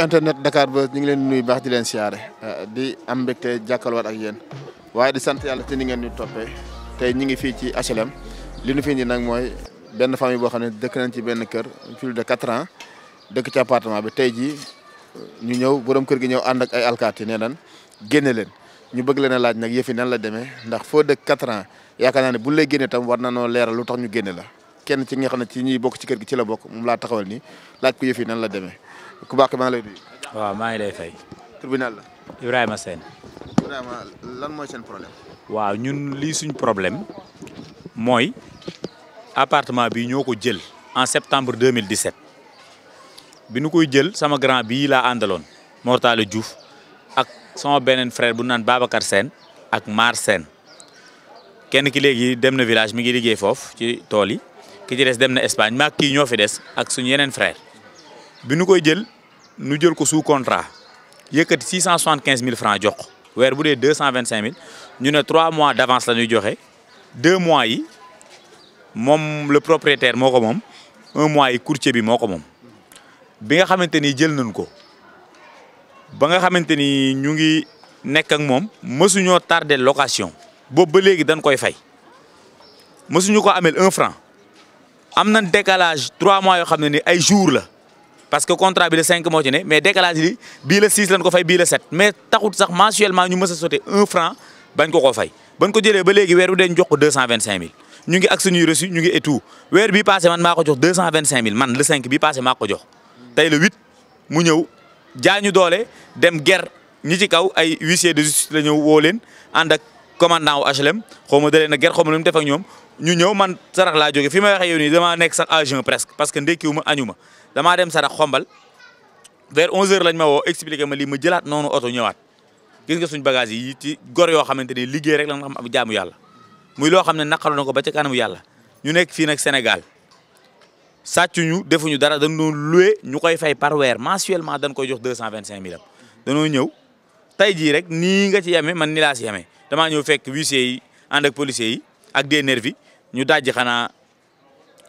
internet Dakar ba ñu ngi leen di nuyu baax di leen siyaare euh, di am mbégte jàkkaarloo ak yéen waaye di sant yàlla te ni ngeen ñu toppee tey ñu ngi fii ci HLM li ñu fi indi nag mooy benn famille boo xam ne dëkk nañ ci benn kër plus de quatre ans dëkk ci bi tey jii euh, ñu ñëw borom kër gi ñëw ànd ak ay alkaati nee nan génne leen ñu bëgg leen a laaj nag yëf yi nan la demee ndax foo dëkk quatre ans yaakaar naa ne buñ lay génne tam war na noo leeral lu tax ñu génne la kenn ci nga na ne ci ñuy bokk ci kër gi ci la bokk moom laa taxawal nii laaj ko nan la demee ku baax maa ngi lay nuyu. waaw maa ngi lay fay. tribunal la. Ibrahima Sène. Ibrahima lan mooy seen problème. waaw ñun lii suñ problème mooy appartement bi ñoo ko jël en septembre 2017 bi nu koy jël sama grand bii laa àndaloon Mortale Diouf ak sama beneen frère bu naan Babacar Sène ak Mar Sène kenn ki léegi dem na village mi ngi liggéey foofu ci tool yi ki ci des dem na Espagne maag kii ñoo fi des ak suñ yeneen frère bi nu koy jël nu jël ko sous contrat yëkkat six cent soixante quinze mille francs jox weer bu dee deux cent vingt cinq mille ñu ne trois mois d' avance la ñuy joxe deux mois yi moom le propriétaire moo ko moom un mois yi courtier bi moo ko moom. bi nga xamante ni jël nañ ko ba nga xamante ni ñu ngi nekk ak moom mësuñoo tardé location boobu ba léegi dañ koy fay mësuñu ko amel un franc am nañ décalage trois mois yoo xam ne ni ay jour la. parce que contrat bi le 5 moo ci ne mais décalage bi bii la 6 ko fay bii la mais taxut sax mensuellement ñu mës a sauté 1 franc bañ ko koo fay bañ ko jëlee ba léegi weer wu dañ jox ko 225000 ñu ngi ak suñuy reçu ñu ngi et weer bii passé man maa ko jox man le 5 bii passé maa ko jox tey le 8 mu ñëw jaañu doole dem ger ñi ci kaw ay huissier de justice la ñëw woo leen ànd ak commandant wu HLM xaw ma ger xaw ma lu mu def ak ñoom ñu ñëw man sarax laa jógee fi may waxee yow nii damaa nekk sax agent presque parce que ndekkiwu ma añu ma damaa dem sarax xombal vers 11h lañ ma woo expliqué ma lii ma jëlaat noonu oto ñëwaat gis nga suñ bagage yi ci gor yoo xamante ni liggéey rek la nga xam ab jaamu yàlla muy loo xam ne naqaru na ko ba ca kanamu yàlla ñu nekk fii nag Sénégal sàccuñu defuñu dara dañu doon loué ñu koy fay par weer mensuellement dañ koy jox deux cent 225000 am dañoo ñëw tey jii rek nii nga ci yeme man ni laa si damaa ñëw fekk huissier yi ànd ak policier yi ak des ñu dajji xanaa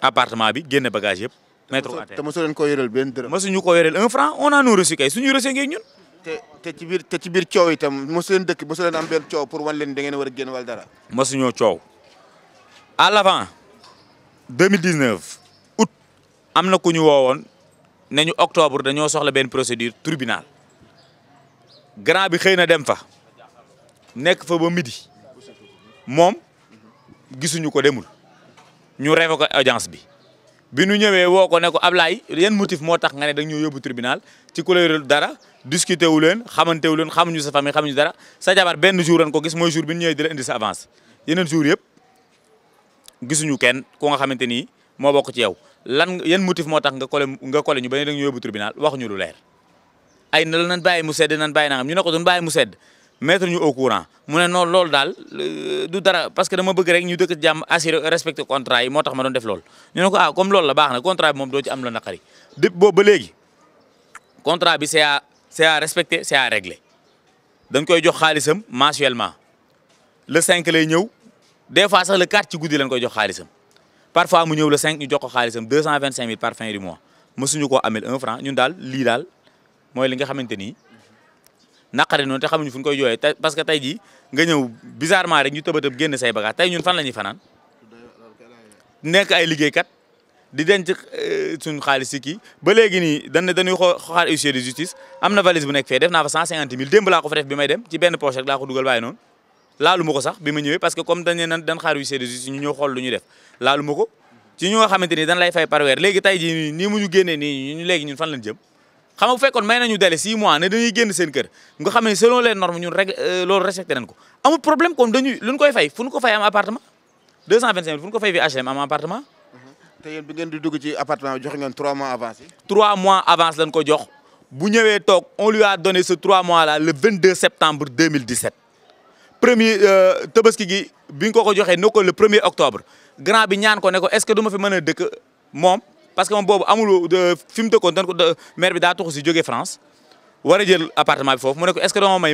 appartement bi génne bagage yëpp maître Wade te mosu leen koo yoreel benn dërëm. mosu ñu koo yoreel un franc on a non reçu kay suñu reçu ngeeg ñun. te te ci biir te ci biir coow itam mosu leen dëkk mosu leen am benn coow pour wan leen da ngeen war a génn wala dara. mosu ñoo coow à l'avant 2019 août am na ku ñu woowoon ne ñu octobre dañoo soxla benn procédure tribunal grand bi xëy na dem fa nekk fa ba midi moom gisuñu ko demul ñu révoqué audience bi. bi nu ñëwee woo ko ne ko Ablaye yan motif moo tax nga ne dañu yóbbu tribunal ci couleur dara discuter wu leen xamante wu leen xamuñu sa famille xamuñu dara sa jabar benn jour lañ ko gis mooy jour bi ñu ñëwee di la indi sa avance yeneen jour yëpp gisuñu kenn ku nga xamante ni moo bokk ci yow lan yan motif moo tax nga kole nga kole ñu ba ne dañu yóbbu tribunal waxuñu lu leer. ay na la nan bàyyi mu sedd nan bàyyi nangam ñu ne ko duñ bàyyi mu sedd mettre ñu au courant mu ne noonu loolu daal euh, du dara parce que dama bëgg rek ñu dëkk jàmm assuré respecté contrat yi moo tax ma doon def lool ñu ne ko ah comme loolu la baax na contrat bi moom doo ci am la naqari dépp boobu ba léegi contrat bi c'est à c'est à respecter c'est à koy jox xaalisam mensuellement le 5 lay ñëw des fois sax le 4 ci guddi lañ koy jox xaalisam parfois mu ñëw la 5 ñu jox ko xaalisam 225000 par fin du mois mësuñu koo amel un franc ñun daal lii daal mooy li nga xamante ni. naqari noonu te xamuñu fu ñu koy jooyee te parce que tey jii nga ñëw bizarrement rek ñu tëbatëb génn say bagage fan la ñuy fanaan nekk ay liggéeykat di denc euh, suñu xaalis si kii ba léegi nii dañ ne dañuy xoo xaar huissier de justice am na valise bu nekk fee def naa fa cent cinquante mille démb laa ko fa def bi may dem ci benn poche rek laa ko ma ko parce que comme dañ ne dañ xaar huissier de justice ñu ñëw xool lu def laalu ko ci xamante ni dañ lay fay par weer léegi tey jii nii mu ñu génnee nii léegi ñun fan lañ jëm xam nga bu fekkoon may nañu délai 6 mois ne dañuy génn seen kër nga xam ne selon les normes ñun rek euh, loolu respecté nañ ko amul problème kon dañuy luñ koy fay fu ko fay am appartement 225 fu ñu ko fay fi HLM am appartement. Mhm. te yéen bi ngeen di dugg ci appartement bi joxe mois avance yi. 3 mois avance lañ ko jox bu ñëwee toog on lui a donné ce 3 mois là le 22 septembre premier euh, tabaski gi bi ñu ko ko joxee ne ko le premier octobre grand bi ñaan ko ne ko est-ce ma fi mën dëkk moom. parce que moom boobu amul fi mu dëkkoon dañ ko bi daa tuxu si France war a jël appartement bi foofu mu ne ko est ce que ma ma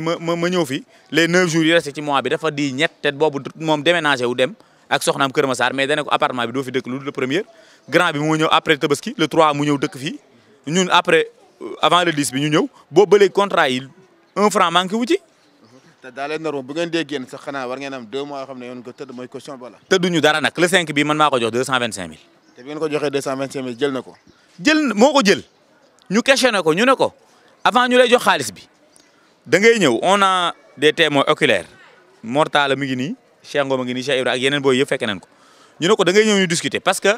fi les 9 jours yi resté mois bi dafa di ñett te boobu moom déménagé wu dem ak soxnaam Kër Massar mais dana ko bi doo fi dëkk lu le premier grand bi mu ñëw après Tabaski le 3 mu ñëw dëkk fii ñun après euh, avant le 10 bi ñu ñëw boobu ba léegi contrat yi un franc manqué wu ci. te daa leen norme bu ko tëdd mooy caution bala. tëdduñu dara te bi ngeen ko joxee deux jël na ko. jël moo ko jël ñu ne ko ñu ne ko avant ñu lay jox xaalis bi da ngay ñëw on a des témoins oculaires Mortala mi ngi nii Cheikh Ngom ngi ni Cheikh Ibrahima ak yeneen booy yëpp fekke nañ ko ñu ne ko da ngay ñëw ñu discuter parce que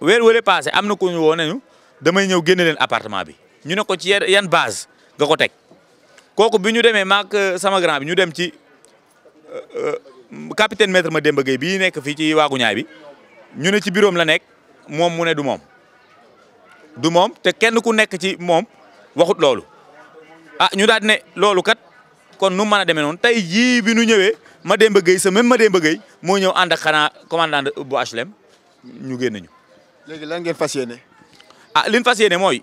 weer wële passé am na ku ñu woo nañu damay ñëw génne leen appartement bi ñu ne ko ci yan base nga ko teg kooku bi ñu demee maak euh, sama grand bi ñu dem ci euh, euh, capitaine maître Mademba Gueye bii nekk fii ci waagu ñaay bi ñu ne ci bureau moom mu ne du moom du moom te kenn ku nekk ci moom waxut loolu ah ñu daat ne loolu kat kon nu mën a demee noonu tey jii bi nu ñëwee ma dem ba Mademba Gueye sa même Mademba Gueye moo ñëw ànd ak xanaa commandant bu HLM ñu génn ñu. léegi lan ngeen fas yéene. Ah, li ñu fas yéene mooy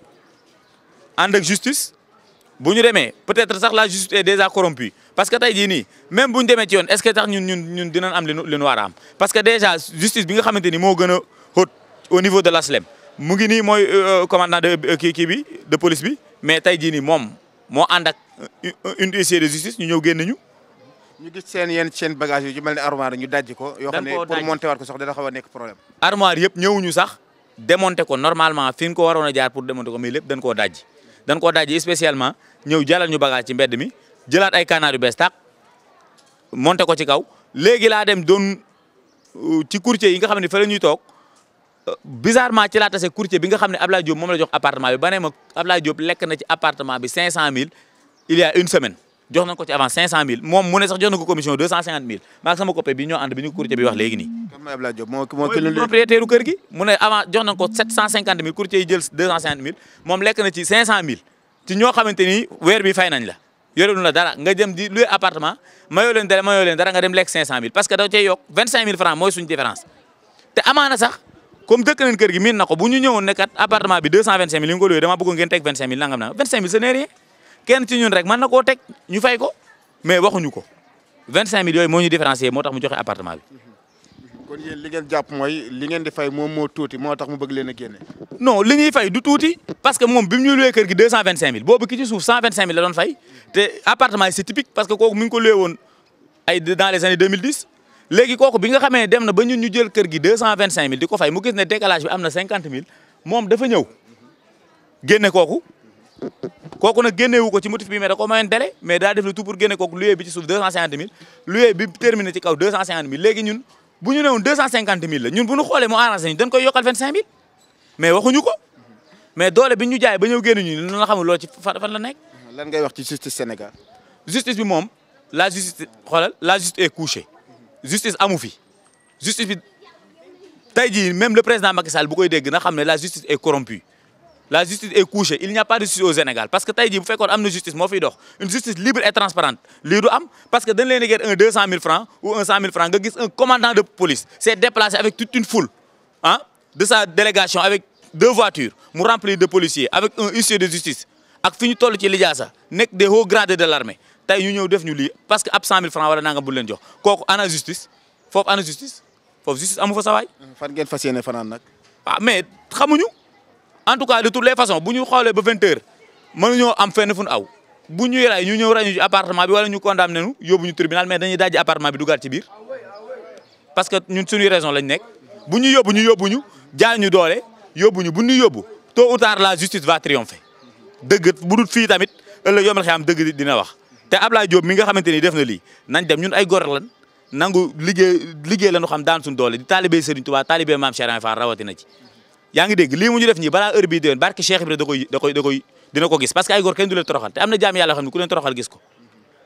ànd ak justice bu ñu demee peut-être sax la justice est déjà corrompue parce que tey jii nii même bu ñu demee ci yoon est-ce que tax ñun ñun ñun dinañ am li nu li war am parce que déjà justice bi nga xamante ni moo gën a au niveau de l'ASLEM mu ngi nii mooy euh, euh, commandant de euh, kii bi de police bi mais tey jii nii moom moo ànd ak une huissier de justice ñu ñëw génn ñu. ñu gis seen yenn seen bagage yu ci mel ne armoire ñu dajji ko. yoo xam ne pour monter waat ko sax dana xaw a nekk problème. armoire yëpp ñëwuñu sax démonter ko normalement fi ko waroon a jaar pour démonter ko lép lépp ko koo dajji. ko koo dajji spécialement ñëw jàllal ñu bagage ci mbedd mi jëlaat ay canard yu bees tàq monter ko ci kaw léegi laa dem doon ci courtier yi nga xam ne fa la ñuy toog. bizarrement ci laa tase courtier bi nga xam ne Ablaye Diop moom la jox appartement bi ba il y a une semaine jox nañ ko ci avant 500000 moom mu ne sax jox na ko commission 250000 maa ngi bi ñoo ànd bi ñu courtier bi wax léegi nii. moom lekk na ci ci ñoo xamante ni weer bi fay nañ la yoreluñ la dara nga jëm di louer appartement mayoo leen leen dara nga dem lekk 500000 parce que da cee yokk 25000 francs mooy suñu différence te amaana sax. comme dëkk nañ kër gi miin na bu ñu ne kat appartement bi 225 000 li nga ko luwee dama bëgg ngeen teg nangam na 25000 ce n'est rien kenn ci ñun rek mën na koo teg ñu fay ko mais waxuñu ko moo ñu différencier moo tax mu joxe appartement bi. kon yéen li ngeen mooy li di fay moo tuuti moo tax mu bëgg a génne. non li ñuy du tuuti parce que moom bi mu ñu luwee kër gi 225000 boobu ki ci suuf 125000 la mi léegi kooku bi nga xamee dem na ba ñun ñu jël kër gi deux cent vingt cinq mille di ko fay mu gis ne décalage na cinquante mille ko ci motif bi mais da ko mayoon délai mais daa def le tout pour génne kooku loyer bi ci suuf deux cent cinquante bi terminé ci kaw deux cent cinquante bu ñu newoon deux bu ñu xoolee mu arrangé ñu dañ koy yokkal vingt cinq mille mais ko mais doole bi ñu jaay ba ñëw génn ñu la xamul loolu ci fan la nekk. lan ngay wax ci justice Sénégal. justice bi moom la justice xoolal la justice est couchée. justice amu fi justice bi tey jii même le président Macky Sall bu koy dégg na xam ne la justice est corrompue la justice est couchée il n'y a pas de justice au Sénégal parce que tey jii bu fekkoon am na justice moo fiy dox une justice libre et transparente lii du am parce que dañ leen di un francs ou francs nga gis un commandant de police s'est déplacé avec toute une foule ah de sa délégation avec deux voitures mu rempli de policier avec un huissier de justice ñu toll ci lijaasa nekk des hauts gradés de l'armée tey ñu ñëw def ñu lii parce que ab 100000 francs wala nangam bu leen jox kooku ana justice foofu ana justice foofu justice amu fa sawaay fan ngeen fas yéene fanaan nag. ah mais xamuñu en tout cas de toutes les façons bu ñu xoolee ba 20 heures mënuñoo am fenn fu aw bu ñu ñëw ñu ci bi wala ñu condamné ñu yóbbu ñu tribunal mais dañuy dajji appartement bi dugaat ci biir parce que ñun raison lañ nekk bu ñu yóbbu ñu yóbbu ñu jaay ñu doole yóbbu ñu bu ñu yóbbu la justice va triompher dëgg bu te Ablaye Diop mi nga xamante ni def na lii nañ dem ñun ay gor lan nangu liggéey liggéey lañu xam daan suñu doole di taalibé Serigne Touba taalibé Maam Cheikh Ibra Fall rawatina ci yaa ngi dégg lii mu ñu def nii balaa heure bii déwén barke Cheikh Ibra da koy da koy da koy dina ko gis parce que ay gor kenn du leen toroxal te am na jaam yàlla xam ne ku leen toroxal gis ko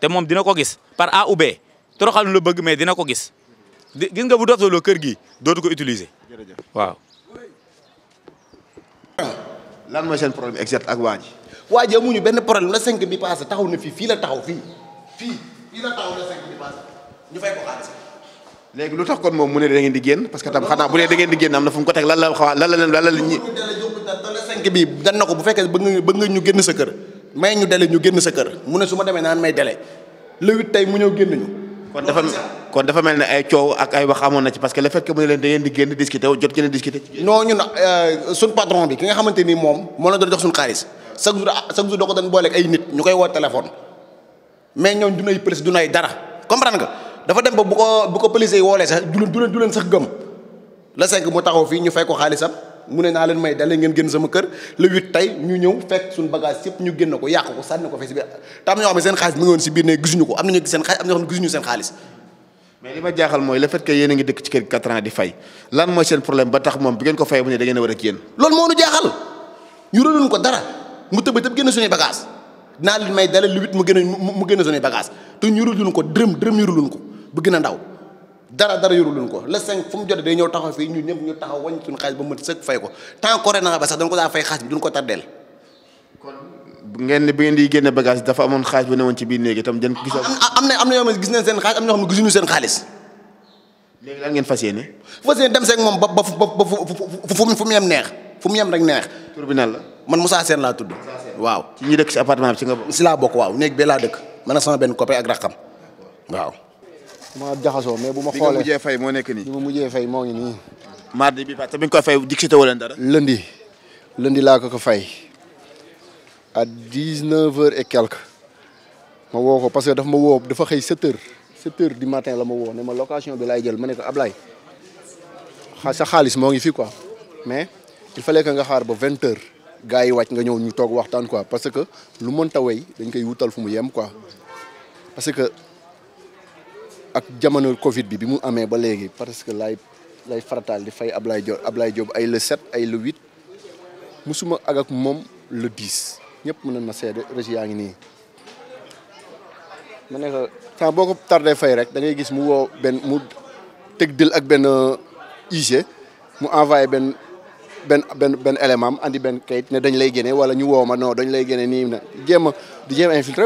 te moom dina ko gis par A ou B toroxal nu la bëgg mais dina ko gis gis nga bu doftoloo kër gi dootu ko utiliser waaw lan mooy seen problème exact ak waa ji waa ji amuñu benn problème la cinq bi passé taxaw na fii fii la taxaw fii fii fii la taxaw la léegi lu tax kon moom mu ne da ngeen di génn parce que tam xanaa bu dee da di génn am na fu mu ko teg lan bi dan na ko bu fekkee bëgg nga bëgg nga ñu génn sa kër may ñu dele ñu génn sa kër mu ne su ma demee naan may dele le huit tey mu ñëw génn ñu kon dafa kon dafa mel ne ay coow ak ay wax amoon na ci parce que le fait que mu ne leen da di génn discuter jot ngeen discuter non ñun euh, suñ patron bi ki nga xamante ni moom moo la doon jox suñ xaalis chaque jour chaque jour doo boo doon booleeg ay nit ñu koy woo téléphone mais ñoom dunay police dunay dara comprendre nga dafa dem ba bu ko bu ko police yi woolee sax du leen du leen sax gëm la cinq mu taxaw fii ñu fay ko xaalisam mu ne naa leen may dalee ngeen génn sama kër le huit tey ñu ñëw fekk suñu bagage yëpp ñu génn ko yàq ko sànni ko fee si biir te am ñoo xam ne seen xaalis mi ngi woon si biir ne gisuñu ko am nañu seen xaalis am ñoo xam ne gisuñu seen xaalis mais li a ngi dëkk ci kër 4 ans di fay ko a mu tëb tëb génn suñuy bagage naa leen may dalal lu wit mu gën a mu gën a suñuy bagage te ko dërëm dërëm ñuruluñ ko bu gën a ndaw dara dara yoruluñ ko le cinq fu mu jotee day ñëw taxaw fii ñu ñëpp ñu taxaw wañ suñu xaalis ba mën sëkk ko tant que ren ba sax dañ ko ko tardeel ngeen ne bi ngeen di génne bagage dafa amoon xaalis bu newoon ci biir néegi itam den gis am na am na ne gis nañ seen xaalis am na yoo xam ne gisuñu seen xaalis léegi lan ngeen fas yéene fas yéene dem seeg moom ba ba fu mu fu mu neex fu mu yem rek neex. tur bi nan la man Moussa Sène laa tudd. waaw ci ñi dëkk si appartement bi si bokk. si laa bokk waaw néeg bee laa dëkk man sama benn copain ak raxam waaw. ma jaxasoo mais bu ma. xoolee bi fay moo nekk nii. bi ma mujjee fay moo ngi nii. mardi bi te bi nga ko fay dicté wala dara. lundi lundi laa ko ko fay à dix neuf heures et quelque ma woo ko parce que daf ma woo dafa xëy sept heures sept heures du la ma woo ne ma location bi lay jël ma ne ko Ablaye sa xaalis moo ngi fi quoi mais. il fa que nga xaar ba vingt heures gars yi wàcc nga ñëw ñu toog waxtaan quoi parce que lu mënta wey dañ koy wutal fu mu yem quoi parce que ak jamono Covid bi bi mu amee ba léegi parce que laay lay farataal di fay Ablaye Diop Ablaye Diop ay le 7 ay le 8 musuma ak ak moom le 10 ñëpp mun nañ ma seede région yaa ngi nii. mu ne temps boo ko tardé fay rek da ngay gis mu woo benn mu teg dil ak benn IG mu envoyé benn. benn benn benn élément am andi benn kayit ne dañ lay génne wala ñu woo ma non dañ lay génne nii na jéem a di jéem a infiltré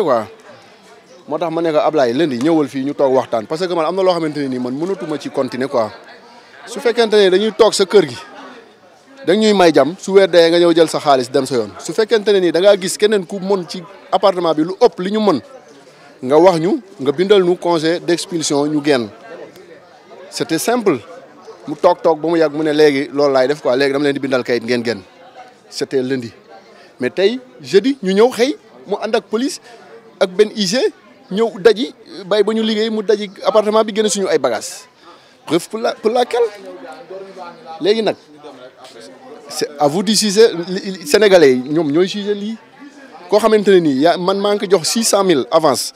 moo tax ma ne ko leen di ñëwal fii ñu toog waxtaan parce que man am na loo xamante ne nii man mënatuma ci continuer quoi su fekkente ne dañuy toog sa kër gi dañ ñuy may jam su weer dee nga ñëw jël sa xaalis dem sa yoon su fekkente ne nii da gis keneen ku mën ci appartement bi lu ëpp li ñu mën nga wax ñu nga bindal ñu congé d'expulsion ñu génn c'était simple mu toog toog ba mu yàgg mu ne léegi loolu laay def quoi léegi dama leen di bindal kayit ngeen génn c'était lundi mais tey jeudi ñu ñëw xëy mu ànd ak police ak benn IG ñëw daji bay ba ñu liggéey mu daji appartement bi génn suñu ay bagages bref pour la pour laquelle léegi nag c'est à vous de juger yi ñoom ñooy juger yi koo xamante ne nii yaa man maa ngi jox six cent mille avance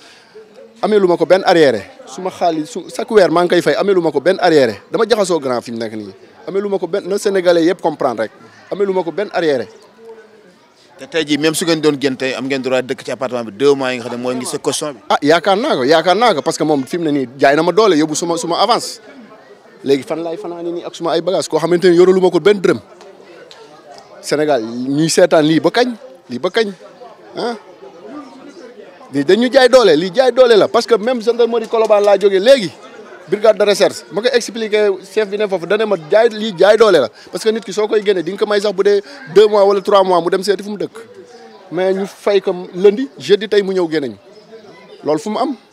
amee lu ma ko benn arrière suma xaalis su chaque weer maa ngi koy fay amelu ma ko benn arrière dama jaxasoo grand fi nekk nii amelu ma ko benn na sénégalais yëpp comprendre rek amelu ma te tey jii su ngeen doon génn tey am ngeen droit dëkk ci appartement bi deux mois yi nga xam ne mooy ngi sa caution bi. ah yaakaar naa ko yaakaar naa ko parce que fan laay fanaane nii ak suma ay bagage koo xamante ni yoralu ma ko benn dërëm seetaan lii ba kañ lii ba kañ ah. li dañu jaay doole lii jaay doole la parce que même gendarmerie Colobane laa jógee léegi brigade de recherche ma ko expliqué chef bi ne foofu dane ma jaay li jaay doole la parce que nit ki soo koy génne di ko may sax bu dee deux mois wala trois mois mu dem seeti fu mu dëkk mais ñu fay ko lundi jeudi tey mu ñëw génne ñu loolu fu mu am